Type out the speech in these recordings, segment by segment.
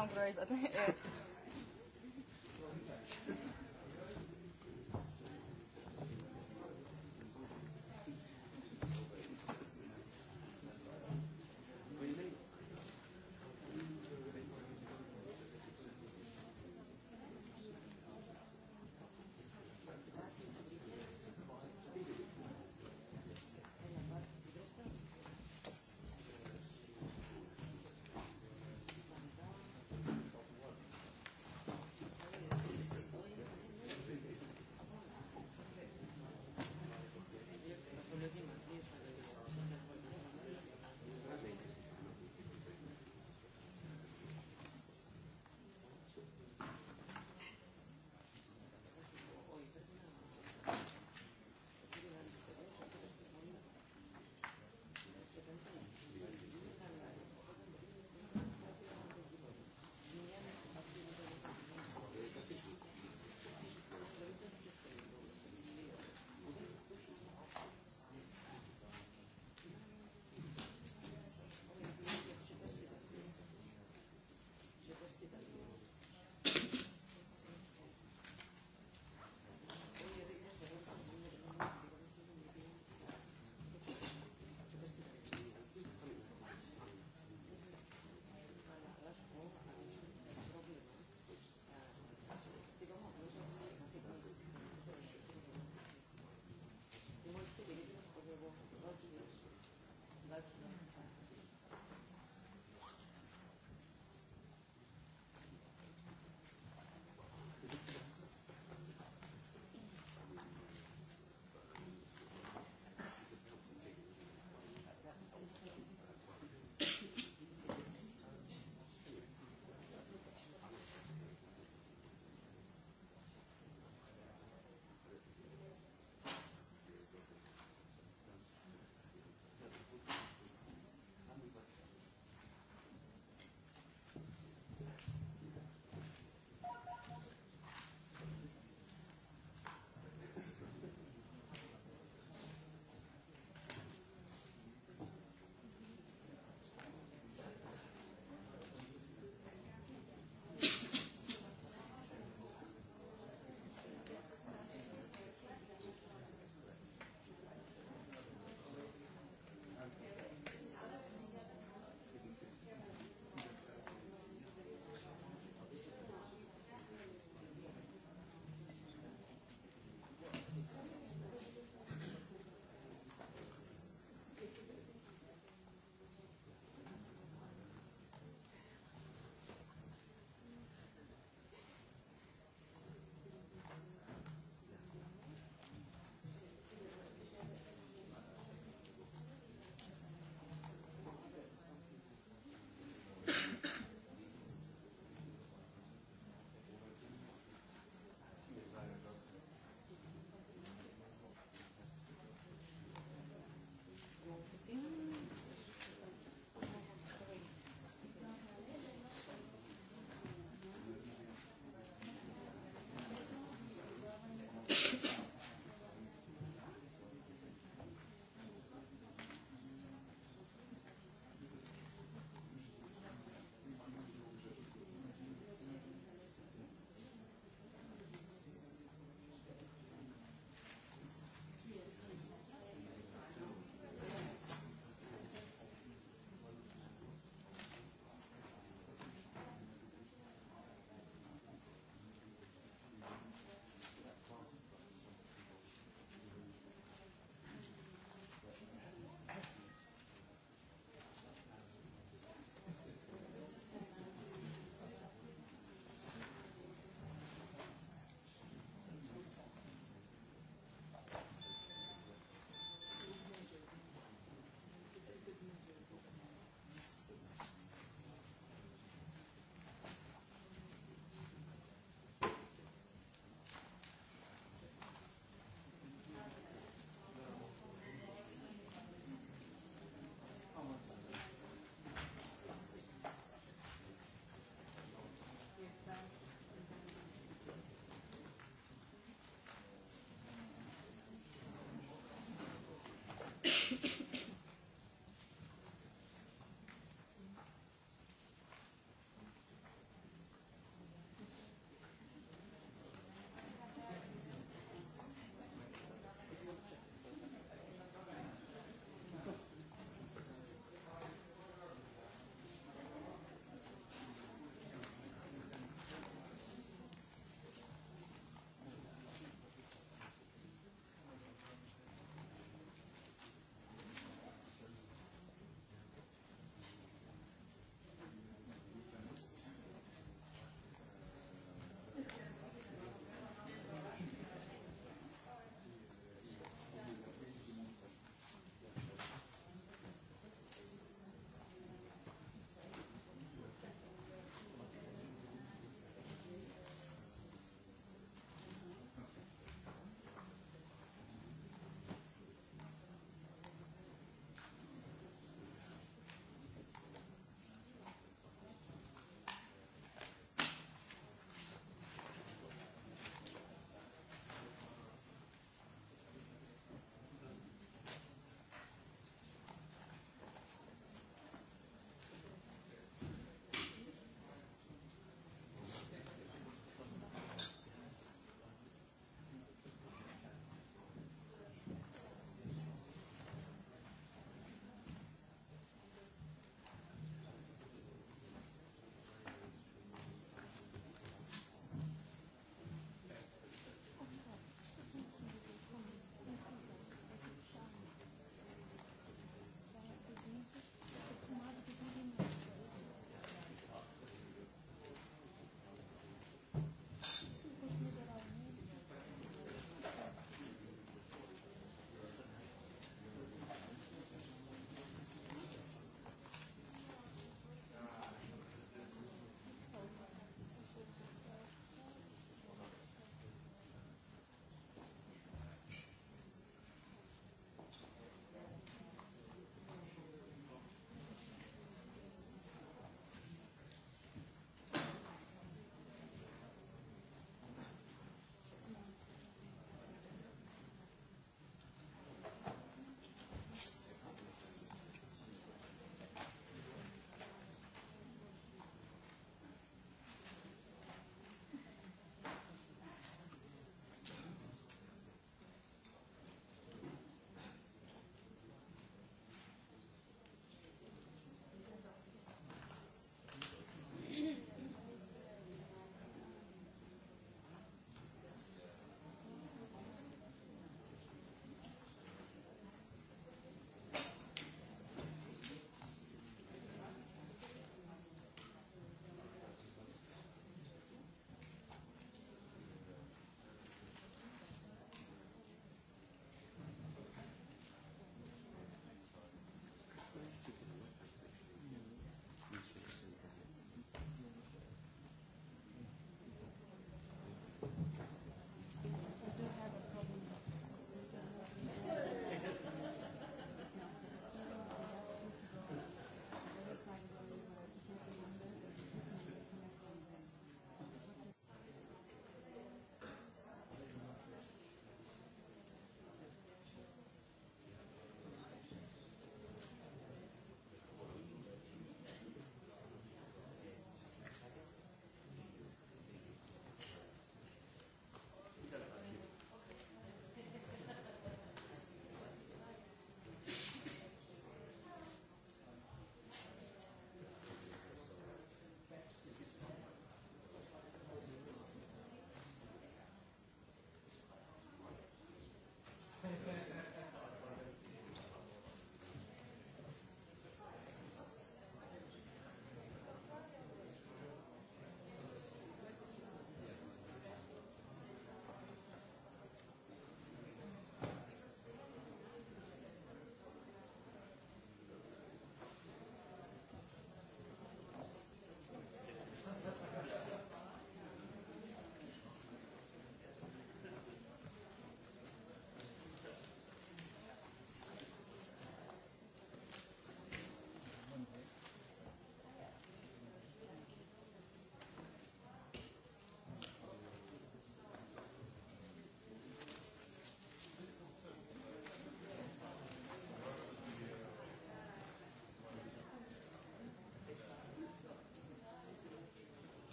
downgrade, but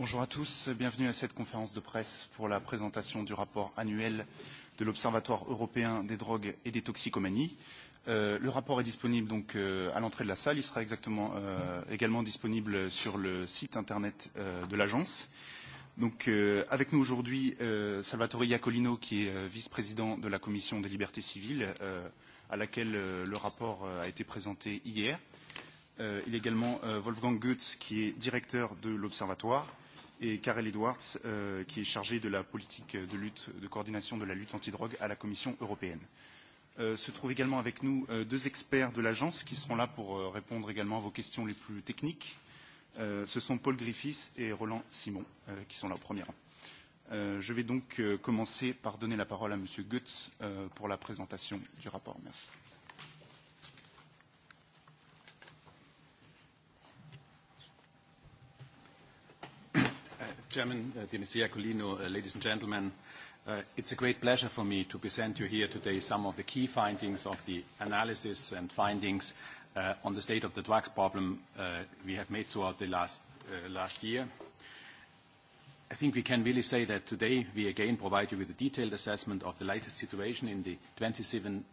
Bonjour à tous, bienvenue à cette conférence de presse pour la présentation du rapport annuel de l'Observatoire européen des drogues et des toxicomanies. Le rapport est disponible donc à l'entrée de la salle, il sera exactement également disponible sur le site internet de l'agence. Donc avec nous aujourd'hui Salvatore Iacolino qui est vice-président de la commission des libertés civiles à laquelle le rapport a été présenté hier. Il est également Wolfgang Goetz qui est directeur de l'Observatoire et Karel Edwards, qui est chargé de la politique de lutte, de coordination de la lutte antidrogue à la Commission européenne. Se trouvent également avec nous deux experts de l'agence qui seront là pour répondre également à vos questions les plus techniques. Ce sont Paul Griffiths et Roland Simon, qui sont là au premier rang. Je vais donc commencer par donner la parole à M. Goetz pour la présentation du rapport. Merci. Chairman, dear Mr. Iacolino, ladies and gentlemen, it's a great pleasure for me to present you here today some of the key findings of the analysis and findings on the state of the drugs problem we have made throughout the last year. I think we can really say that today we again provide you with a detailed assessment of the latest situation in the 27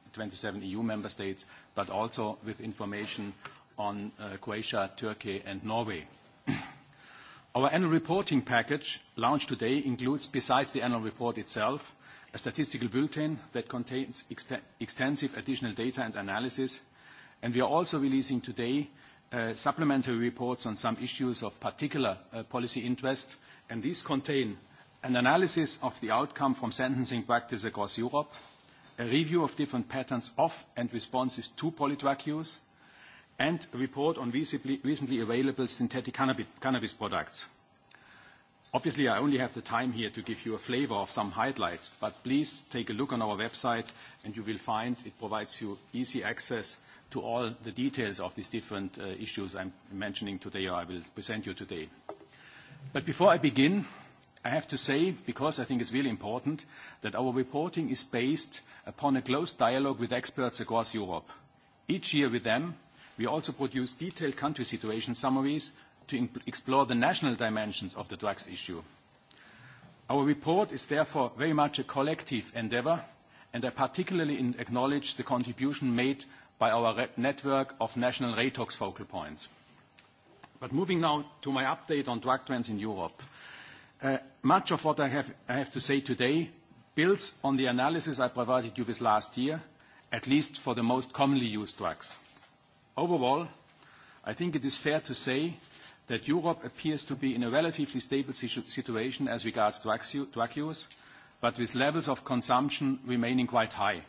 EU member states, but also with information on Croatia, Turkey, and Norway. Our annual reporting package launched today includes, besides the annual report itself, a statistical bulletin that contains extensive additional data and analysis, and we are also releasing today supplementary reports on some issues of particular policy interest, and these contain an analysis of the outcome from sentencing practice across Europe, a review of different patterns of and responses to politvac use, and a report on recently available synthetic cannabis products. Obviously, I only have the time here to give you a flavor of some highlights, but please take a look on our website and you will find it provides you easy access to all the details of these different issues I'm mentioning today or I will present you today. But before I begin, I have to say, because I think it's really important, that our reporting is based upon a close dialogue with experts across Europe. Each year with them, We also produce detailed country situation summaries to explore the national dimensions of the drugs issue. Our report is therefore very much a collective endeavour, and I particularly acknowledge the contribution made by our network of national RATOX focal points. But moving now to my update on drug trends in Europe. Much of what I have to say today builds on the analysis I provided you with last year, at least for the most commonly used drugs. Overall, I think it is fair to say that Europe appears to be in a relatively stable situation as regards drug use, but with levels of consumption remaining quite high.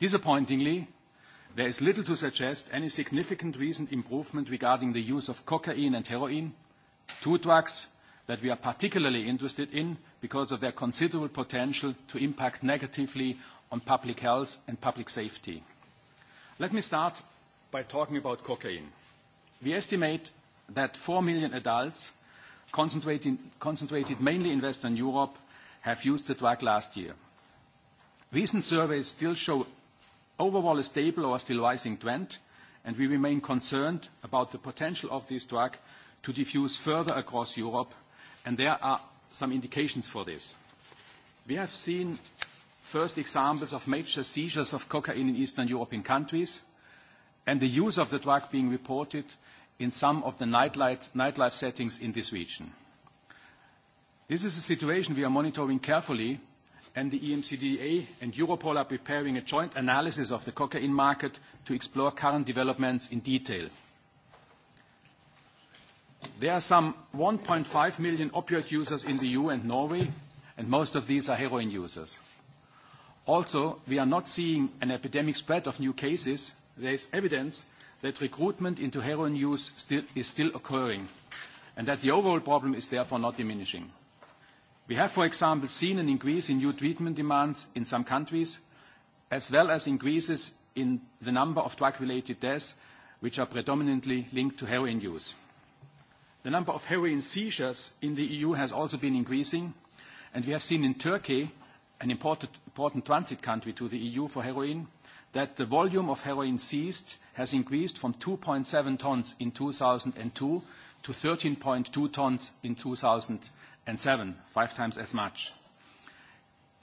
Disappointingly, there is little to suggest any significant recent improvement regarding the use of cocaine and heroin, two drugs that we are particularly interested in because of their considerable potential to impact negatively on public health and public safety. Let me start by talking about cocaine. We estimate that 4 million adults, concentrated mainly in Western Europe, have used the drug last year. Recent surveys still show overall a stable or still rising trend, and we remain concerned about the potential of this drug to diffuse further across Europe, and there are some indications for this. We have seen first examples of major seizures of cocaine in Eastern European countries, and the use of the drug being reported in some of the nightlife settings in this region. This is a situation we are monitoring carefully, and the EMCDA and Europol are preparing a joint analysis of the cocaine market to explore current developments in detail. There are some 1.5 million opioid users in the EU and Norway, and most of these are heroin users. Also, we are not seeing an epidemic spread of new cases, there is evidence that recruitment into heroin use is still occurring and that the overall problem is therefore not diminishing. We have, for example, seen an increase in new treatment demands in some countries, as well as increases in the number of drug-related deaths, which are predominantly linked to heroin use. The number of heroin seizures in the EU has also been increasing, and we have seen in Turkey, an important transit country to the EU for heroin, that the volume of heroin seized has increased from 2.7 tons in 2002 to 13.2 tons in 2007, five times as much.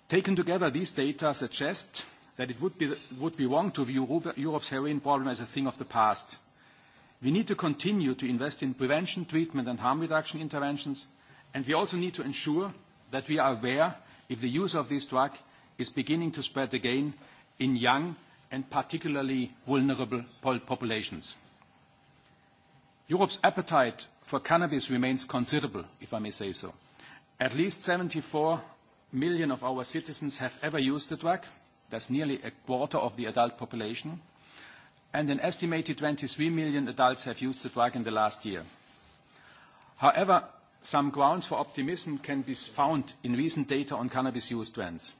Taken together, these data suggest that it would be wrong to view Europe's heroin problem as a thing of the past. We need to continue to invest in prevention, treatment, and harm reduction interventions, and we also need to ensure that we are aware if the use of this drug is beginning to spread again in young and particularly vulnerable populations. Europe's appetite for cannabis remains considerable, if I may say so. At least 74 million of our citizens have ever used the drug. That's nearly a quarter of the adult population. And an estimated 23 million adults have used the drug in the last year. However, some grounds for optimism can be found in recent data on cannabis use trends.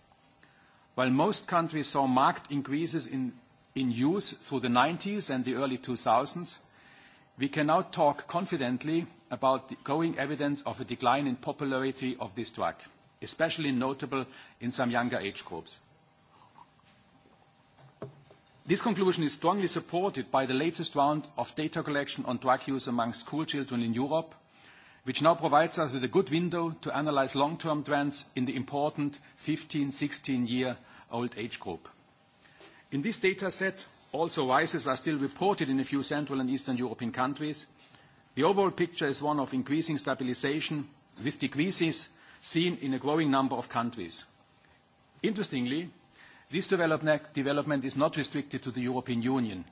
While most countries saw marked increases in use through the 90s and the early 2000s, we can now talk confidently about the growing evidence of a decline in popularity of this drug, especially notable in some younger age groups. This conclusion is strongly supported by the latest round of data collection on drug use among schoolchildren in Europe, which now provides us with a good window to analyze long-term trends in the important 15, 16-year-old age group. In this data set, also rises are still reported in a few Central and Eastern European countries. The overall picture is one of increasing stabilization, with decreases seen in a growing number of countries. Interestingly, this development is not restricted to the European Union.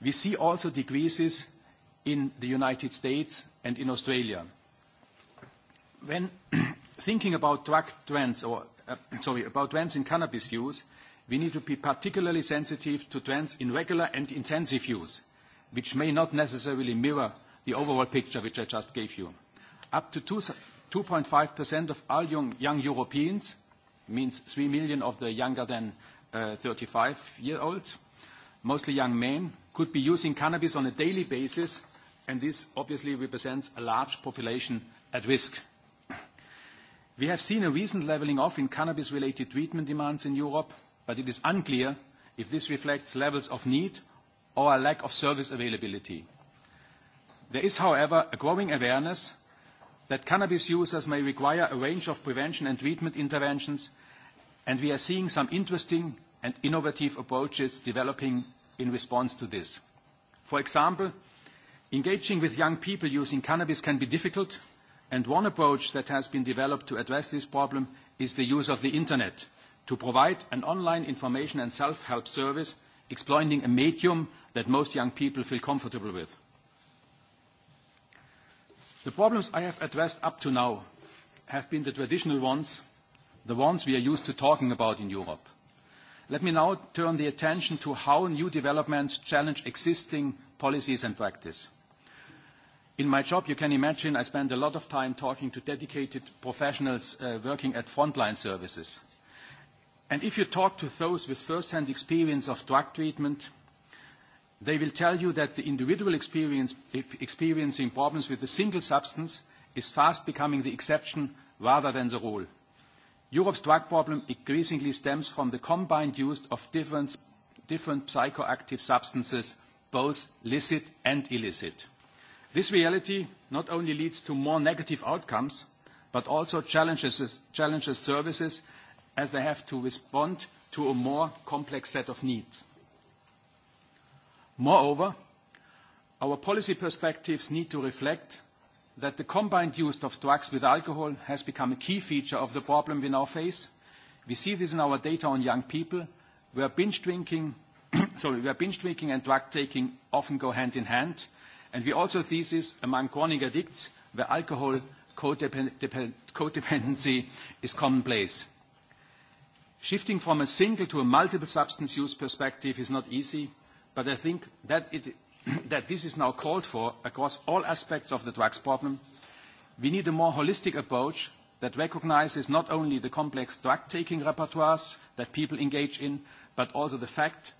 We see also decreases in the United States and in Australia. When thinking about drug trends or sorry, about trends in cannabis use, we need to be particularly sensitive to trends in regular and intensive use, which may not necessarily mirror the overall picture which I just gave you. Up to 2.5% of all young Europeans, means 3 million of the younger than 35-year-old, mostly young men, could be using cannabis on a daily basis, and this obviously represents a large population at risk. We have seen a recent leveling off in cannabis-related treatment demands in Europe, but it is unclear if this reflects levels of need or a lack of service availability. There is, however, a growing awareness that cannabis users may require a range of prevention and treatment interventions, and we are seeing some interesting and innovative approaches developing in response to this. For example, engaging with young people using cannabis can be difficult, and one approach that has been developed to address this problem is the use of the Internet to provide an online information and self-help service exploiting a medium that most young people feel comfortable with. The problems I have addressed up to now have been the traditional ones, the ones we are used to talking about in Europe. Let me now turn the attention to how new developments challenge existing policies and practice. In my job, you can imagine, I spend a lot of time talking to dedicated professionals working at frontline services. And if you talk to those with first-hand experience of drug treatment, they will tell you that the individual experiencing problems with a single substance is fast becoming the exception rather than the rule. Europe's drug problem increasingly stems from the combined use of different psychoactive substances, both licit and illicit. This reality not only leads to more negative outcomes, but also challenges services as they have to respond to a more complex set of needs. Moreover, our policy perspectives need to reflect that the combined use of drugs with alcohol has become a key feature of the problem we now face. We see this in our data on young people, where binge drinking and drug taking often go hand in hand, and we also see this among chronic addicts, where alcohol codependency is commonplace. Shifting from a single to a multiple substance use perspective is not easy, but I think that it that this is now called for across all aspects of the drugs problem, we need a more holistic approach that recognizes not only the complex drug-taking repertoires that people engage in, but also the fact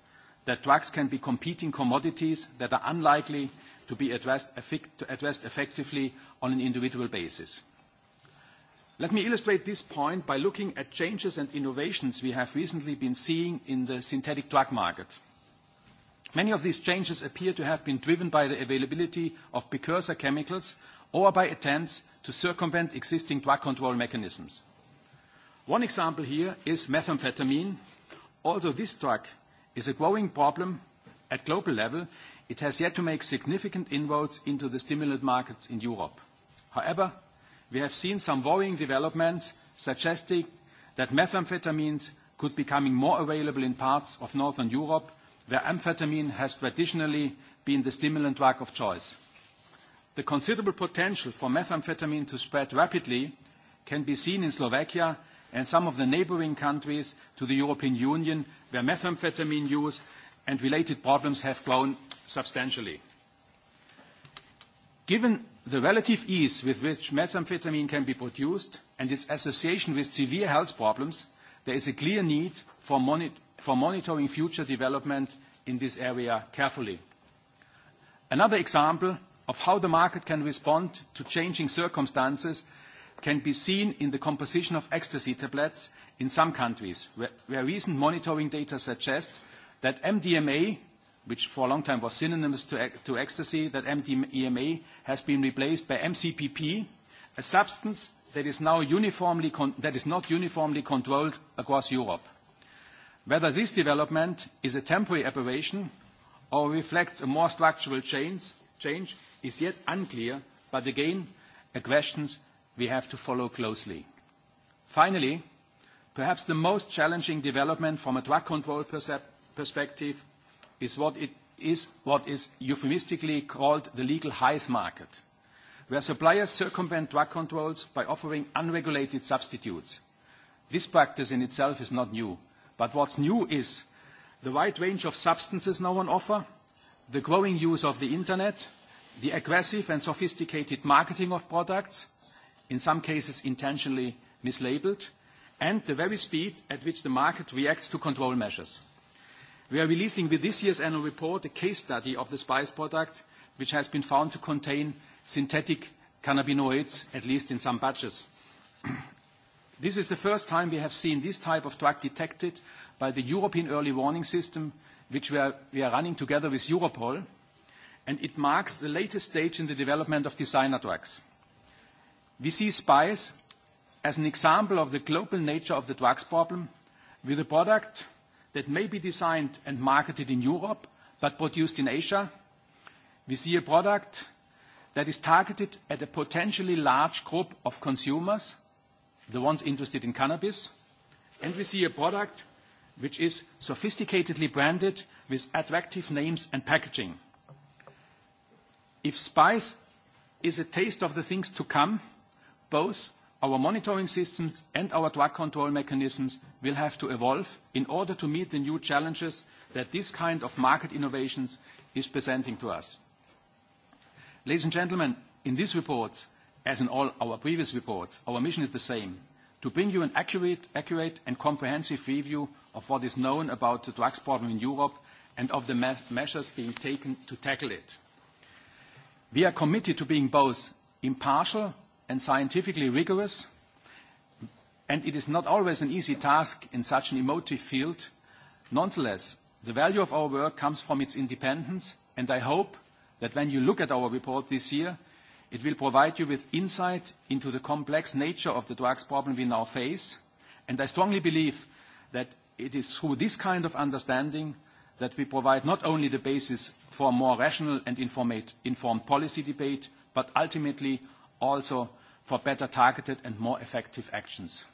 that drugs can be competing commodities that are unlikely to be addressed effectively on an individual basis. Let me illustrate this point by looking at changes and innovations we have recently been seeing in the synthetic drug market. Many of these changes appear to have been driven by the availability of precursor chemicals or by attempts to circumvent existing drug control mechanisms. One example here is methamphetamine. Although this drug is a growing problem at global level, it has yet to make significant inroads into the stimulant markets in Europe. However, we have seen some worrying developments suggesting that methamphetamines could be becoming more available in parts of northern Europe where amphetamine has traditionally been the stimulant drug of choice. The considerable potential for methamphetamine to spread rapidly can be seen in Slovakia and some of the neighboring countries to the European Union, where methamphetamine use and related problems have grown substantially. Given the relative ease with which methamphetamine can be produced and its association with severe health problems, there is a clear need for monitoring for monitoring future development in this area carefully. Another example of how the market can respond to changing circumstances can be seen in the composition of ecstasy tablets in some countries, where recent monitoring data suggest that MDMA, which for a long time was synonymous to ecstasy, that MDMA has been replaced by MCPP, a substance that is not uniformly controlled across Europe. Whether this development is a temporary aberration or reflects a more structural change is yet unclear, but again, a question we have to follow closely. Finally, perhaps the most challenging development from a drug control perspective is what is euphemistically called the legal highs market, where suppliers circumvent drug controls by offering unregulated substitutes. This practice in itself is not new. But what's new is the wide range of substances now on offer, the growing use of the Internet, the aggressive and sophisticated marketing of products, in some cases intentionally mislabeled, and the very speed at which the market reacts to control measures. We are releasing with this year's annual report a case study of the spice product, which has been found to contain synthetic cannabinoids, at least in some batches. This is the first time we have seen this type of drug detected by the European Early Warning System, which we are running together with Europol, and it marks the latest stage in the development of designer drugs. We see SPICE as an example of the global nature of the drugs problem, with a product that may be designed and marketed in Europe but produced in Asia. We see a product that is targeted at a potentially large group of consumers the ones interested in cannabis, and we see a product which is sophisticatedly branded with attractive names and packaging. If spice is a taste of the things to come, both our monitoring systems and our drug control mechanisms will have to evolve in order to meet the new challenges that this kind of market innovations is presenting to us. Ladies and gentlemen, in these reports, As in all our previous reports, our mission is the same, to bring you an accurate and comprehensive review of what is known about the drugs problem in Europe and of the measures being taken to tackle it. We are committed to being both impartial and scientifically rigorous, and it is not always an easy task in such an emotive field. Nonetheless, the value of our work comes from its independence, and I hope that when you look at our report this year, It will provide you with insight into the complex nature of the drugs problem we now face, and I strongly believe that it is through this kind of understanding that we provide not only the basis for a more rational and informed policy debate, but ultimately also for better targeted and more effective actions.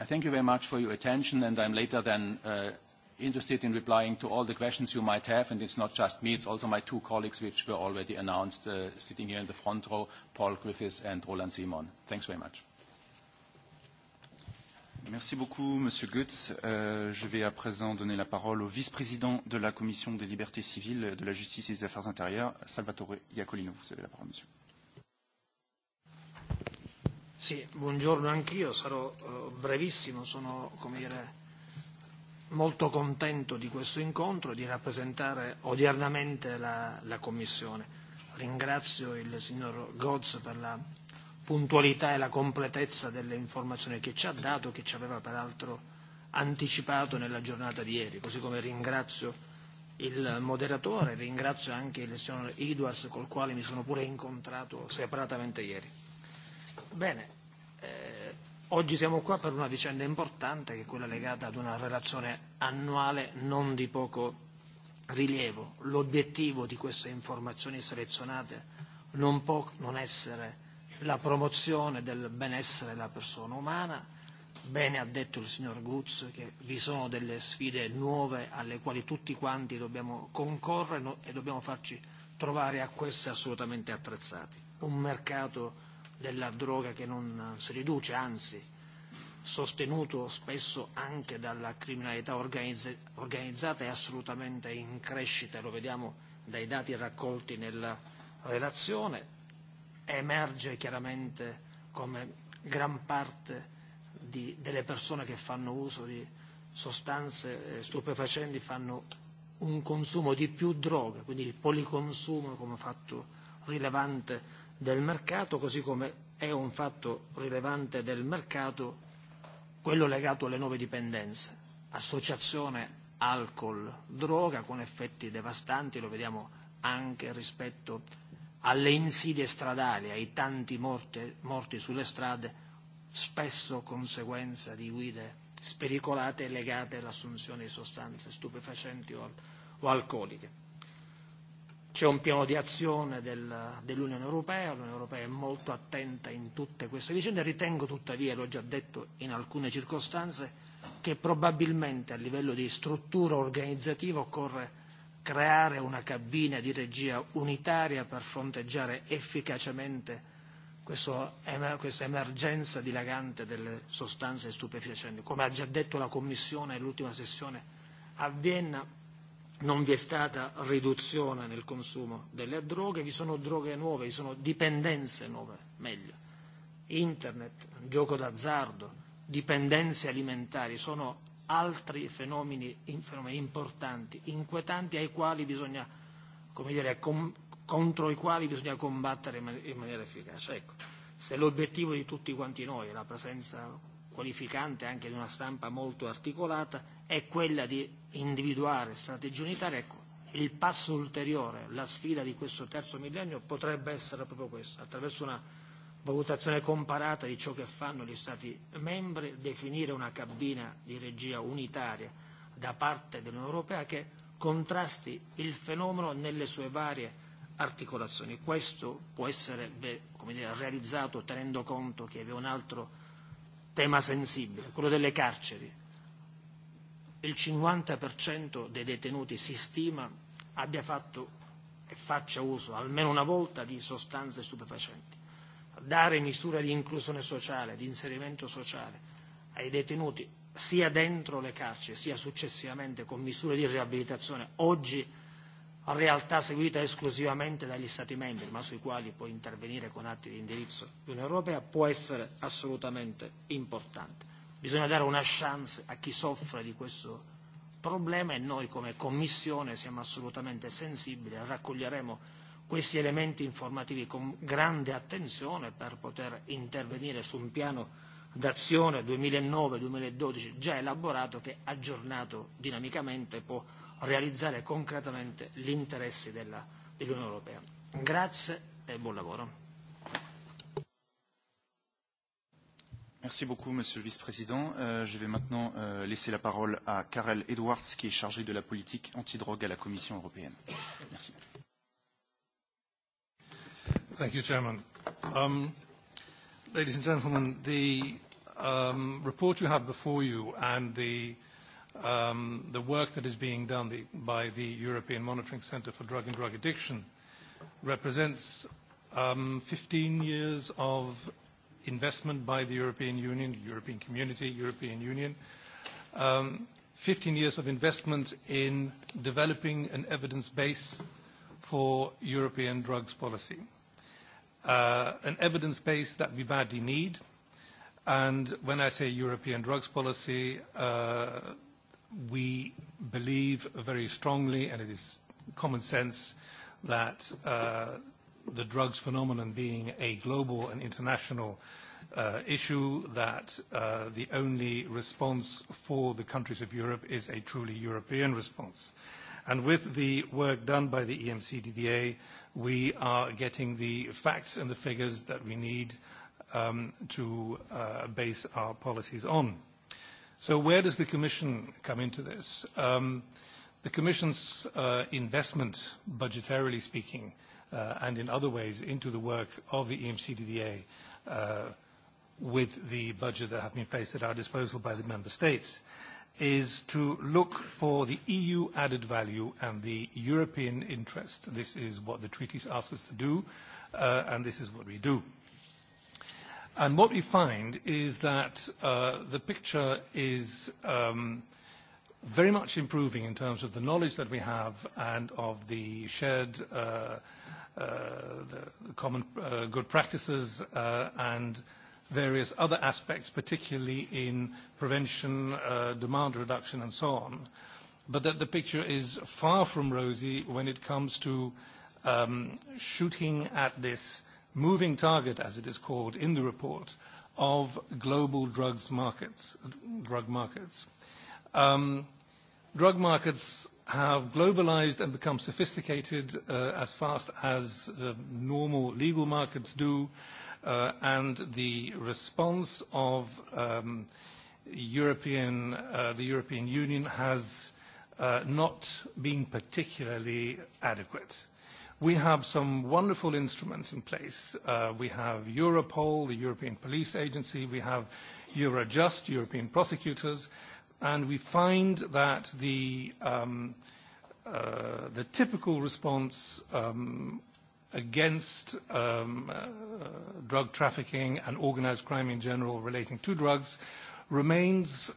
I thank you very much for your attention, and I'm later then interested in replying to all the questions you might have, and it's not just me, it's also my two colleagues which were already announced sitting here in the front row, Paul Griffiths and Roland Simon. Thanks very much. Merci beaucoup, Monsieur Goetz. Je vais à présent donner la parole au vice-président de la Commission des libertés civiles, de la justice et des affaires intérieures, Salvatore Iacolino. Vous avez la parole, Monsieur. Sì, buongiorno anch'io, sarò brevissimo, sono, come dire, molto contento di questo incontro e di rappresentare odiernamente la, la Commissione. Ringrazio il signor Goz per la puntualità e la completezza delle informazioni che ci ha dato, che ci aveva peraltro anticipato nella giornata di ieri, così come ringrazio il moderatore, ringrazio anche il signor Edwards col quale mi sono pure incontrato separatamente ieri. Bene, Oggi siamo qua per una vicenda importante che è quella legata ad una relazione annuale non di poco rilievo. L'obiettivo di queste informazioni selezionate non può non essere la promozione del benessere della persona umana. Bene ha detto il signor Guz che vi sono delle sfide nuove alle quali tutti quanti dobbiamo concorrere e dobbiamo farci trovare a queste assolutamente attrezzati. Un mercato della droga che non si riduce, anzi sostenuto spesso anche dalla criminalità organizzata è assolutamente in crescita, lo vediamo dai dati raccolti nella relazione, emerge chiaramente come gran parte delle persone che fanno uso di sostanze stupefacenti fanno un consumo di più droga, quindi il policonsumo come fatto rilevante del mercato, così come è un fatto rilevante del mercato quello legato alle nuove dipendenze, associazione alcol-droga con effetti devastanti, lo vediamo anche rispetto alle insidie stradali, ai tanti morti sulle strade, spesso conseguenza di guide spericolate legate all'assunzione di sostanze stupefacenti o alcoliche. C'è un piano di azione dell'Unione Europea, l'Unione Europea è molto attenta in tutte queste vicende, ritengo tuttavia, l'ho già detto in alcune circostanze, che probabilmente a livello di struttura organizzativa occorre creare una cabina di regia unitaria per fronteggiare efficacemente questa emergenza dilagante delle sostanze stupefacenti. Come ha già detto la Commissione nell'ultima sessione a Vienna, non vi è stata riduzione nel consumo delle droghe, vi sono droghe nuove, vi sono dipendenze nuove, meglio. Internet, gioco d'azzardo, dipendenze alimentari, sono altri fenomeni importanti, inquietanti ai quali bisogna, come dire, contro i quali bisogna combattere in maniera efficace. Ecco, se l'obiettivo di tutti quanti noi è la presenza qualificante anche di una stampa molto articolata, è quella di individuare strategie unitarie. Ecco, il passo ulteriore, la sfida di questo terzo millennio potrebbe essere proprio questo, attraverso una valutazione comparata di ciò che fanno gli Stati membri, definire una cabina di regia unitaria da parte dell'Unione Europea che contrasti il fenomeno nelle sue varie articolazioni. Questo può essere come dire, realizzato tenendo conto che vi è un altro tema sensibile, quello delle carceri. Il 50% dei detenuti si stima abbia fatto e faccia uso almeno una volta di sostanze stupefacenti. Dare misure di inclusione sociale, di inserimento sociale ai detenuti sia dentro le carceri sia successivamente con misure di riabilitazione oggi realtà seguita esclusivamente dagli Stati membri, ma sui quali può intervenire con atti di indirizzo l'Unione Europea, può essere assolutamente importante. Bisogna dare una chance a chi soffre di questo problema e noi come Commissione siamo assolutamente sensibili, e raccoglieremo questi elementi informativi con grande attenzione per poter intervenire su un piano d'azione 2009-2012 già elaborato che aggiornato dinamicamente può realizzare concretamente gli interessi dell'Unione Europea. Grazie e buon lavoro. Merci beaucoup, Monsieur le Vice-président. Je vais maintenant laisser la parole à Karel Edwards, qui est chargé de la politique antidrogue à la Commission européenne. Merci. Thank you, Chairman. Um, Ladies and gentlemen, the um, report you have before you and the the work that is being done by the European Monitoring Centre for Drug and Drug Addiction represents 15 years of investment by the European Union, European Community, European Union, 15 years of investment in developing an evidence base for European drugs policy, an evidence base that we badly need. And when I say European drugs policy, we believe very strongly, and it is common sense, that the drugs phenomenon being a global and international issue, that the only response for the countries of Europe is a truly European response. And with the work done by the EMCDDA, we are getting the facts and the figures that we need to base our policies on. So where does the Commission come into this? The Commission's investment, budgetarily speaking, and in other ways into the work of the EMCDDA with the budget that have been placed at our disposal by the Member States is to look for the EU added value and the European interest. This is what the treaties ask us to do, and this is what we do. And what we find is that the picture is very much improving in terms of the knowledge that we have and of the shared common good practices and various other aspects, particularly in prevention, demand reduction, and so on. But that the picture is far from rosy when it comes to shooting at this moving target, as it is called in the report, of global drugs markets, drug markets. Drug markets have globalized and become sophisticated as fast as normal legal markets do, and the response of European, the European Union has not been particularly adequate. We have some wonderful instruments in place. We have Europol, the European Police Agency, we have Eurojust, European prosecutors, and we find that the typical response against drug trafficking and organized crime in general relating to drugs remains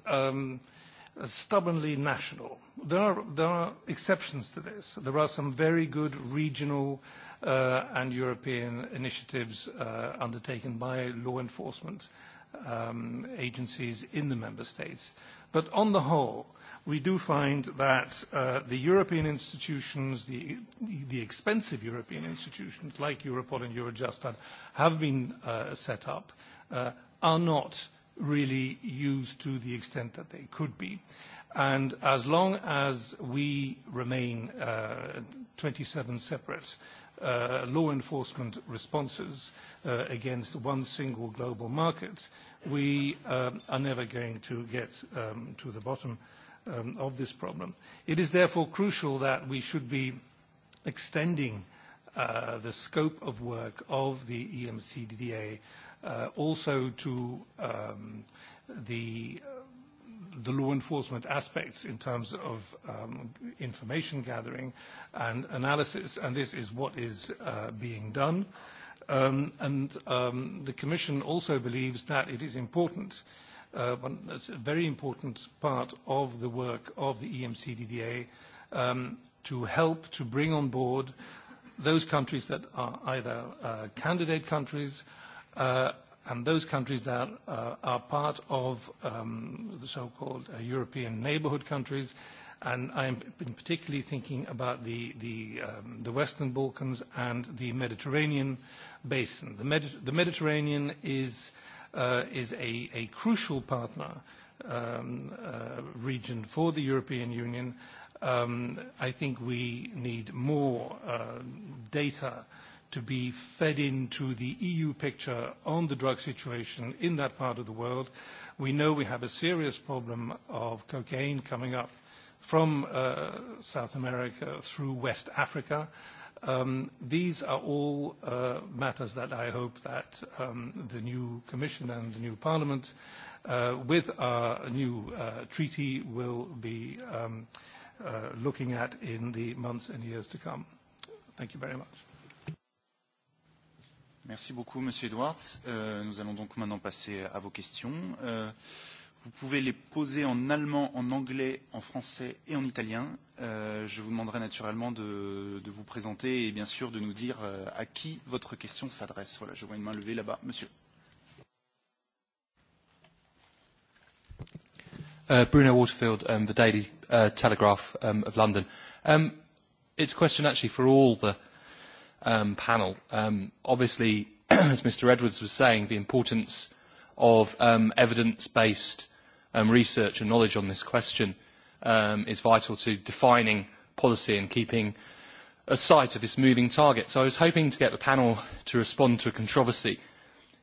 stubbornly national. There are exceptions to this. There are some very good regional and European initiatives undertaken by law enforcement agencies in the member states. But on the whole, we do find that the European institutions, the expensive European institutions like Europol and Eurojust that have been set up, are not really used to the extent that they could be. And as long as we remain 27 separate law enforcement responses against one single global market, we are never going to get to the bottom of this problem. It is therefore crucial that we should be extending the scope of work of the EMCDDA also to the the law enforcement aspects in terms of information gathering and analysis, and this is what is being done. And the Commission also believes that it is important, it's a very important part of the work of the EMCDDA to help to bring on board those countries that are either candidate countries and those countries that are part of the so-called European neighbourhood countries, and I am particularly thinking about the the Western Balkans and the Mediterranean basin. The Mediterranean is a crucial partner region for the European Union. I think we need more data to be fed into the EU picture on the drug situation in that part of the world. We know we have a serious problem of cocaine coming up from South America through West Africa. These are all matters that I hope that the new Commission and the new Parliament, with our new treaty, will be looking at in the months and years to come. Thank you very much. Merci beaucoup, Monsieur Edwards. Nous allons donc maintenant passer à vos questions. Vous pouvez les poser en allemand, en anglais, en français et en italien. Je vous demanderai naturellement de vous présenter et bien sûr de nous dire à qui votre question s'adresse. Voilà, je vois une main levée là-bas. Monsieur. Bruno Waterfield, The Daily Telegraph of London. It's question actually for all the panel. Obviously, as Mr. Edwards was saying, the importance of evidence-based research and knowledge on this question is vital to defining policy and keeping a sight of this moving target. So I was hoping to get the panel to respond to a controversy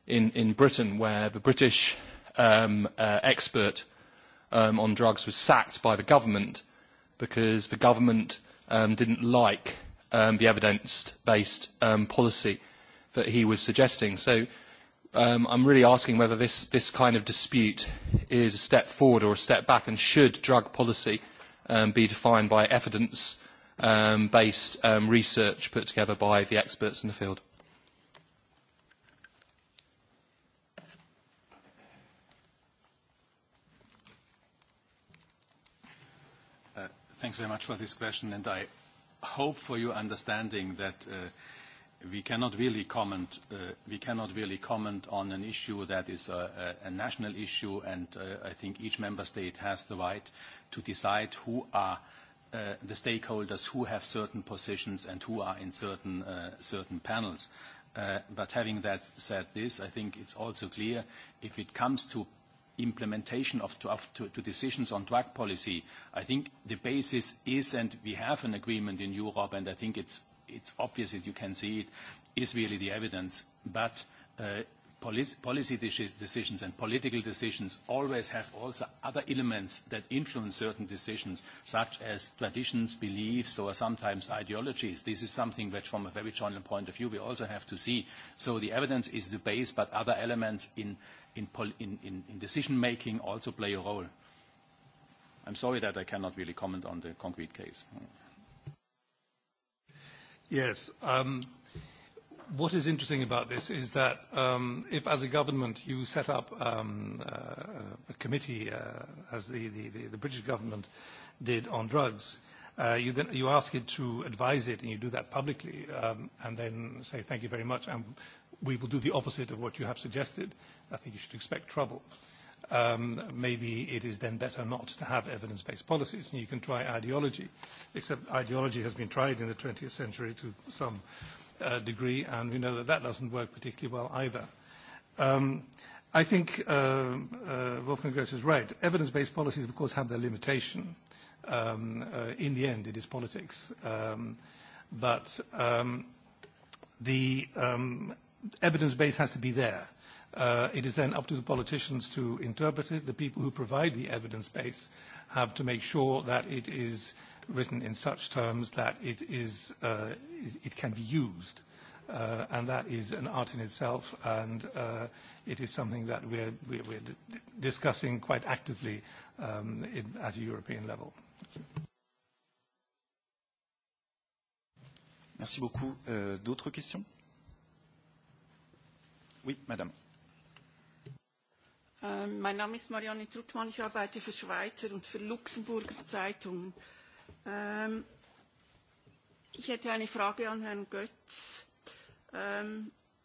in Britain where the British expert on drugs was sacked by the government because the government didn't like the evidence-based policy that he was suggesting. So I'm really asking whether this kind of dispute is a step forward or a step back, and should drug policy be defined by evidence-based research put together by the experts in the field? Thanks very much for this question, and I hope for your understanding that we cannot really comment on an issue that is a national issue and I think each member state has the right to decide who are the stakeholders who have certain positions and who are in certain certain panels. But having that said this, I think it's also clear if it comes to implementation of to decisions on drug policy, I think the basis is, and we have an agreement in Europe, and I think it's obvious that you can see it, is really the evidence. But policy decisions and political decisions always have also other elements that influence certain decisions, such as traditions, beliefs, or sometimes ideologies. This is something which, from a very general point of view, we also have to see. So the evidence is the base, but other elements in in decision-making also play a role. I'm sorry that I cannot really comment on the concrete case. Yes. What is interesting about this is that if, as a government, you set up a committee, as the British government did on drugs, you ask it to advise it, and you do that publicly, and then say, thank you very much, and we will do the opposite of what you have suggested, I think you should expect trouble. Maybe it is then better not to have evidence-based policies, and you can try ideology, except ideology has been tried in the 20th century to some degree, and we know that that doesn't work particularly well either. I think Wolfgang Goetz is right. Evidence-based policies, of course, have their limitation. In the end, it is politics. But the evidence base has to be there. It is then up to the politicians to interpret it. The people who provide the evidence base have to make sure that it is written in such terms that it is it can be used. And that is an art in itself, and it is something that we are discussing quite actively at a European level. Merci beaucoup. D'autres questions Oui, madame. Mein Name ist Marianne Truttmann, ich arbeite für Schweizer und für Luxemburger Zeitungen. Ich hätte eine Frage an Herrn Götz.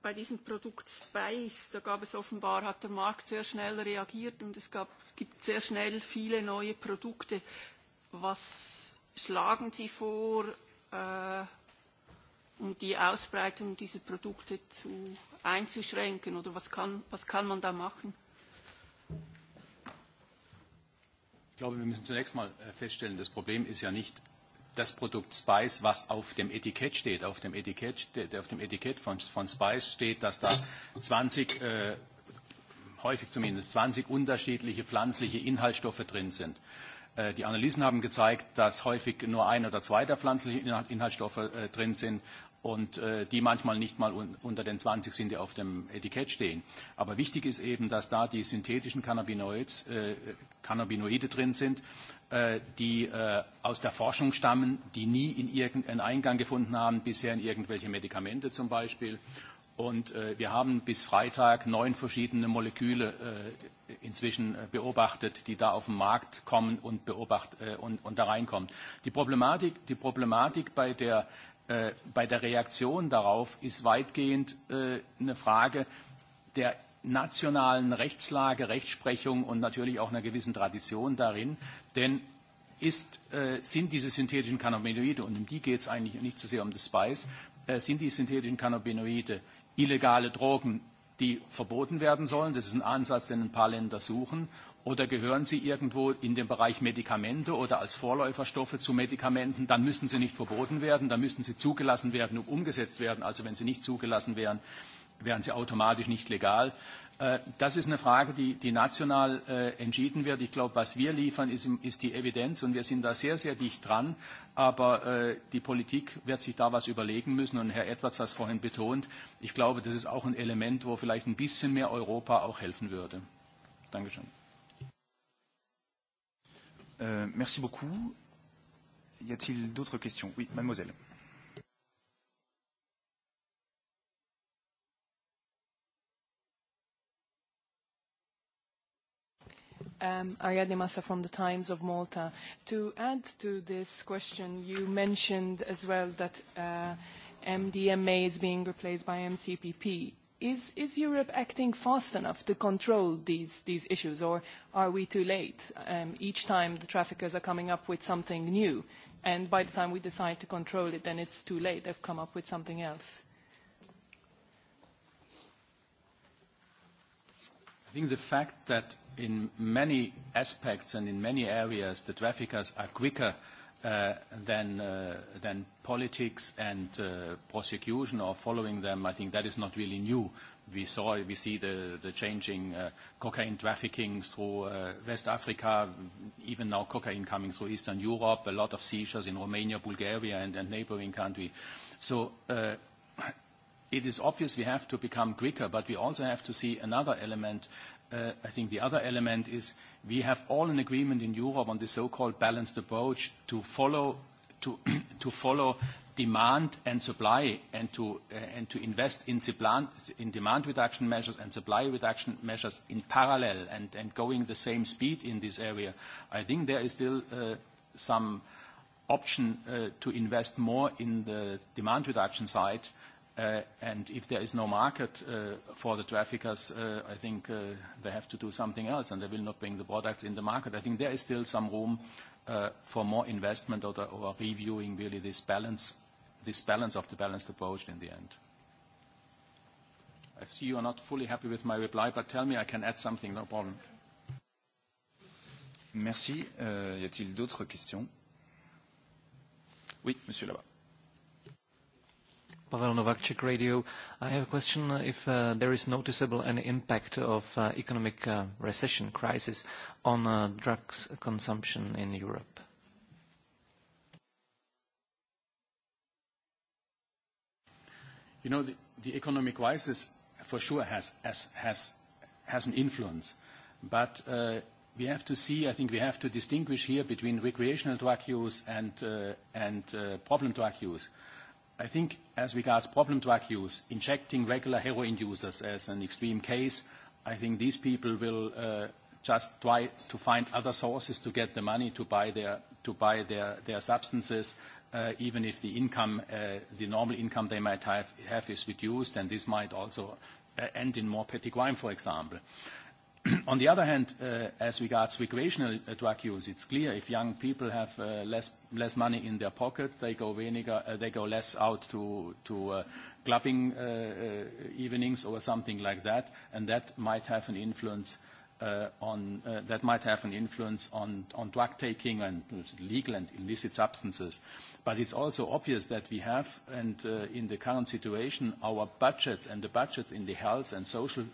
Bei diesem Produkt Spice, da gab es offenbar, hat der Markt sehr schnell reagiert und es gibt sehr schnell viele neue Produkte. Was schlagen Sie vor, um die Ausbreitung dieser Produkte einzuschränken? Oder was kann man da machen? Ich glaube, wir müssen zunächst mal feststellen, das Problem ist ja nicht das Produkt Spice, was auf dem Etikett steht. Auf dem Etikett von Spice steht, dass da 20 häufig zumindest 20 unterschiedliche pflanzliche Inhaltsstoffe drin sind. Die Analysen haben gezeigt, dass häufig nur ein oder zwei der pflanzlichen Inhaltsstoffe drin sind und die manchmal nicht mal unter den 20 sind, die auf dem Etikett stehen. Aber wichtig ist eben, dass da die synthetischen Cannabinoide drin sind, die aus der Forschung stammen, die nie in irgendeinen Eingang gefunden haben, bisher in irgendwelche Medikamente zum Beispiel. Und wir haben bis Freitag neun verschiedene Moleküle inzwischen beobachtet, die da auf den Markt kommen und da reinkommen. Die Problematik bei der bei der Reaktion darauf ist weitgehend eine Frage der nationalen Rechtslage, Rechtsprechung und natürlich auch einer gewissen Tradition darin. Denn sind diese synthetischen Cannabinoide, und um die geht es eigentlich nicht so sehr um das Spice, sind die synthetischen Cannabinoide illegale Drogen die verboten werden sollen? Das ist ein Ansatz, den ein paar Länder suchen. Oder gehören sie irgendwo in den Bereich Medikamente oder als Vorläuferstoffe zu Medikamenten? Dann müssen sie nicht verboten werden, dann müssen sie zugelassen werden und umgesetzt werden. Also wenn sie nicht zugelassen werden wären sie automatisch nicht legal. Das ist eine Frage, die national entschieden wird. Ich glaube, was wir liefern, ist die Evidenz, und wir sind da sehr, sehr dicht dran. Aber die Politik wird sich da was überlegen müssen, und Herr Edwards hat es vorhin betont. Ich glaube, das ist auch ein Element, wo vielleicht ein bisschen mehr Europa auch helfen würde. Dankeschön. Merci beaucoup. Y a-t-il d'autres questions? Oui, mademoiselle. Ariadne Massa from the Times of Malta. To add to this question, you mentioned as well that MDMA is being replaced by MCPP. Is Europe acting fast enough to control these issues, or are we too late? Each time the traffickers are coming up with something new, and by the time we decide to control it, then it's too late. They've come up with something else. I think the fact that in many aspects and in many areas the traffickers are quicker than politics and prosecution or following them, I think that is not really new. We see the changing cocaine trafficking through West Africa, even now cocaine coming through Eastern Europe, a lot of seizures in Romania, Bulgaria and neighboring countries. So it is obvious we have to become quicker, but we also have to see another element I think the other element is we have all an agreement in Europe on the so-called balanced approach to follow to follow demand and supply and to invest in demand reduction measures and supply reduction measures in parallel and going the same speed in this area. I think there is still some option to invest more in the demand reduction side And if there is no market for the traffickers, I think they have to do something else, and they will not bring the products in the market. I think there is still some room for more investment or reviewing really this balance of the balanced approach in the end. I see you are not fully happy with my reply, but tell me I can add something, no problem. Merci. Y a-t-il d'autres questions Oui, monsieur là-bas. Pavel Czech Radio. I have a question if there is noticeable an impact of economic recession crisis on drugs consumption in Europe. You know, the economic crisis for sure has has has an influence. But we have to see, I think we have to distinguish here between recreational drug use and problem drug use. I think as regards problem drug use, injecting regular heroin users as an extreme case, I think these people will just try to find other sources to get the money to buy their substances, even if the income, the normal income they might have is reduced, and this might also end in more petty crime, for example. On the other hand, as regards recreational drug use, it's clear if young people have less money in their pocket, they go less out to clubbing evenings or something like that, and that might have an influence on that might have an influence on drug taking and legal and illicit substances. But it's also obvious that we have, and in the current situation, our budgets and the budgets in the health and social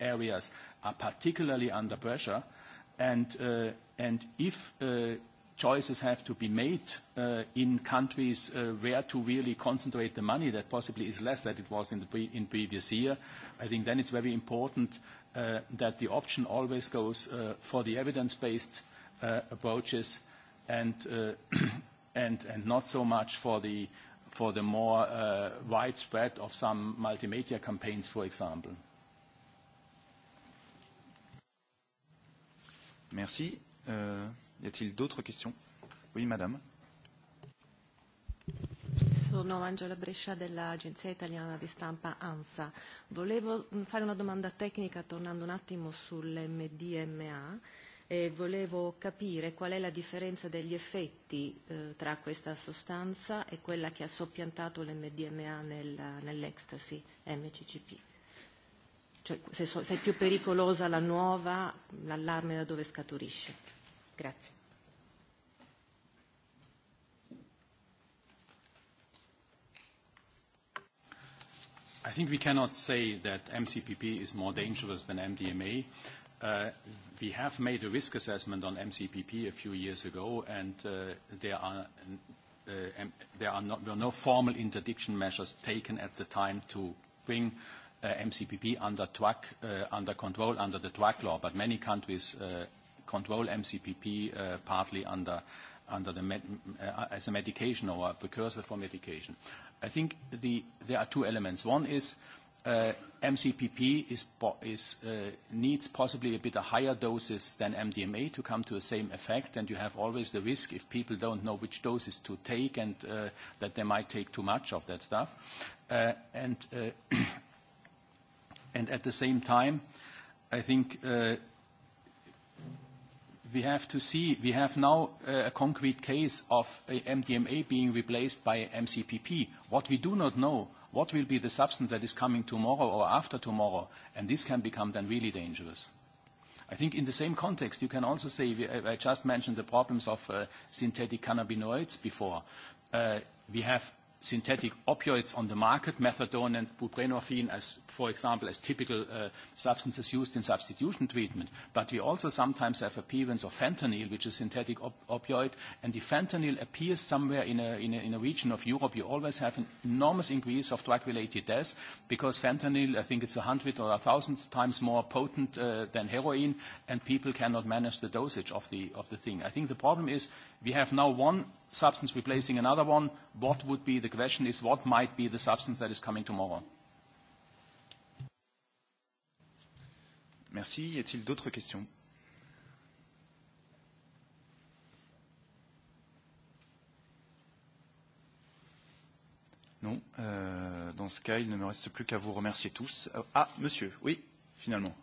areas are particularly under pressure, and if choices have to be made in countries where to really concentrate the money that possibly is less than it was in previous year, I think then it's very important that the option always goes for the evidence-based approaches and not so much for the more widespread of some multimedia campaigns, for example. Merci. Euh, y a-t-il d'autres questions Oui, madame. Sono Angela Brescia dell'Agenzia Italiana di Stampa ANSA. Volevo fare una domanda tecnica tornando un attimo sull'MDMA e volevo capire qual è la differenza degli effetti tra questa sostanza e quella che ha soppiantato l'MDMA nell'ecstasy MCCP cioè se, so, se è più pericolosa la nuova, l'allarme da dove scaturisce. Grazie. I think we cannot say that MCPP is more dangerous than MDMA. We have made a risk assessment on MCPP a few years ago, and there are there were no formal interdiction measures taken at the time to bring MCPP under TWAC, under control under the TWAC law, but many countries control MCPP partly under the as a medication or a precursor for medication. I think there are two elements. One is MCPP needs possibly a bit higher doses than MDMA to come to the same effect, and you have always the risk if people don't know which doses to take and that they might take too much of that stuff. And And at the same time, I think we have to see, we have now a concrete case of MDMA being replaced by MCPP. What we do not know, what will be the substance that is coming tomorrow or after tomorrow, and this can become then really dangerous. I think in the same context, you can also say, I just mentioned the problems of synthetic cannabinoids before. We have synthetic opioids on the market, methadone and buprenorphine, as for example, as typical substances used in substitution treatment. But we also sometimes have appearance of fentanyl, which is synthetic opioid, and if fentanyl appears somewhere in a region of Europe. You always have an enormous increase of drug-related deaths because fentanyl, I think it's 100 or 1,000 times more potent than heroin, and people cannot manage the dosage of the thing. I think the problem is we have now one substance replacing another one, what would be the question is what might be the substance that is coming tomorrow? Merci. Y a-t-il d'autres questions Non. Dans ce cas, il ne me reste plus qu'à vous remercier tous. Ah, monsieur, oui, finalement.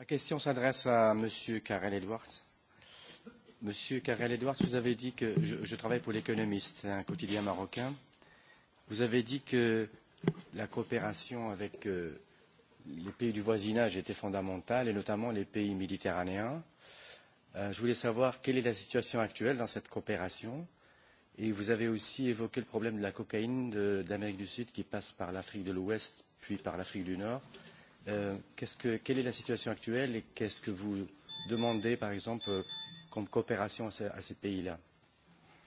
Ma question s'adresse à M Karel Edwards. Monsieur Karel Edwards, vous avez dit que je travaille pour l'économiste, un quotidien marocain. Vous avez dit que la coopération avec les pays du voisinage était fondamentale, et notamment les pays méditerranéens. Je voulais savoir quelle est la situation actuelle dans cette coopération. Et vous avez aussi évoqué le problème de la cocaïne d'Amérique du Sud qui passe par l'Afrique de l'Ouest, puis par l'Afrique du Nord. Quelle est la situation actuelle et qu'est-ce que vous demandez, par exemple, comme coopération à ces pays-là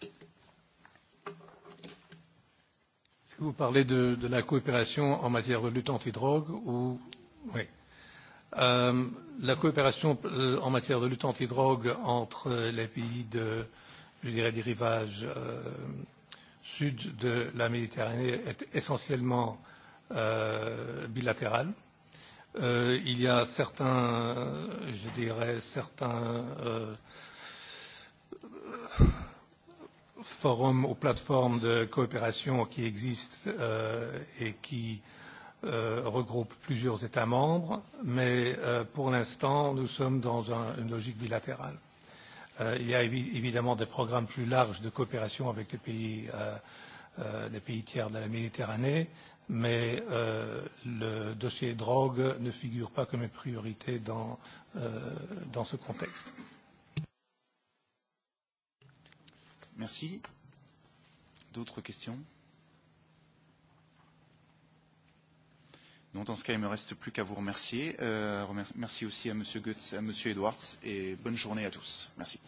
Est-ce que vous parlez de la coopération en matière de lutte antidrogue ou... Oui. La coopération en matière de lutte antidrogue entre les pays de, je dirais, des rivages sud de la Méditerranée est essentiellement bilatérale il y a certains, je dirais, certains forums ou plateformes de coopération qui existent et qui regroupent plusieurs États membres, mais pour l'instant, nous sommes dans une logique bilatérale. Il y a évidemment des programmes plus larges de coopération avec les pays tiers de la Méditerranée, mais le dossier drogue ne figure pas comme une priorité dans, dans ce contexte. Merci. D'autres questions Non, dans ce cas, il ne me reste plus qu'à vous remercier. Euh, merci aussi à Monsieur Goetz, à M Edwards, et bonne journée à tous. Merci.